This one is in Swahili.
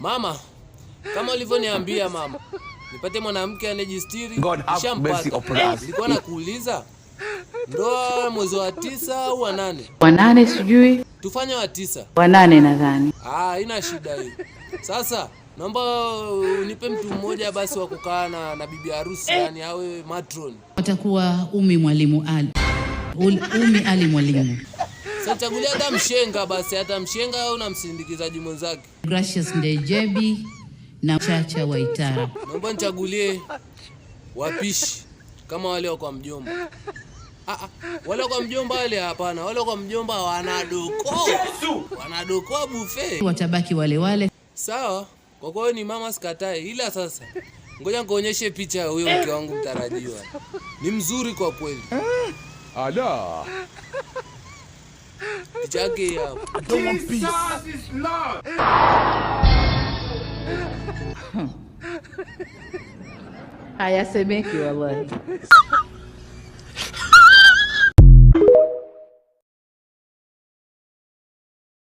Mama, kama ulivyoniambia mama, nipate mwanamke anejistiri. Eh, nilikuwa nakuuliza ndoa mwezi wa tisa au wa nane? Wa nane sijui. Tufanye wa tisa. Wa nane nadhani. Ah, ina shida hiyo. Sasa naomba unipe mtu mmoja basi wa kukaa na, na bibi harusi eh. yani awe matron. Atakuwa Umi Mwalimu Ali. Umi Ali Mwalimu. Chagulia hata mshenga basi, hata mshenga au na msindikizaji mwenzake. Gracious Ndejebi na Chacha Waitara, naomba nichagulie wapishi kama wale wa kwa mjomba. Ah, ah wale kwa mjomba wale, hapana, wale kwa mjomba wanadoko. Wanadoko buffet, watabaki wale wale. Sawa, kwa kwao ni mama, sikatai, ila sasa ngoja nikuonyeshe picha ya huyo mke wangu mtarajiwa, ni mzuri kwa kweli. Ala. Jaggy up. I don't want peace. Jesus is Lord. Aí ia ser bem aqui, Alane.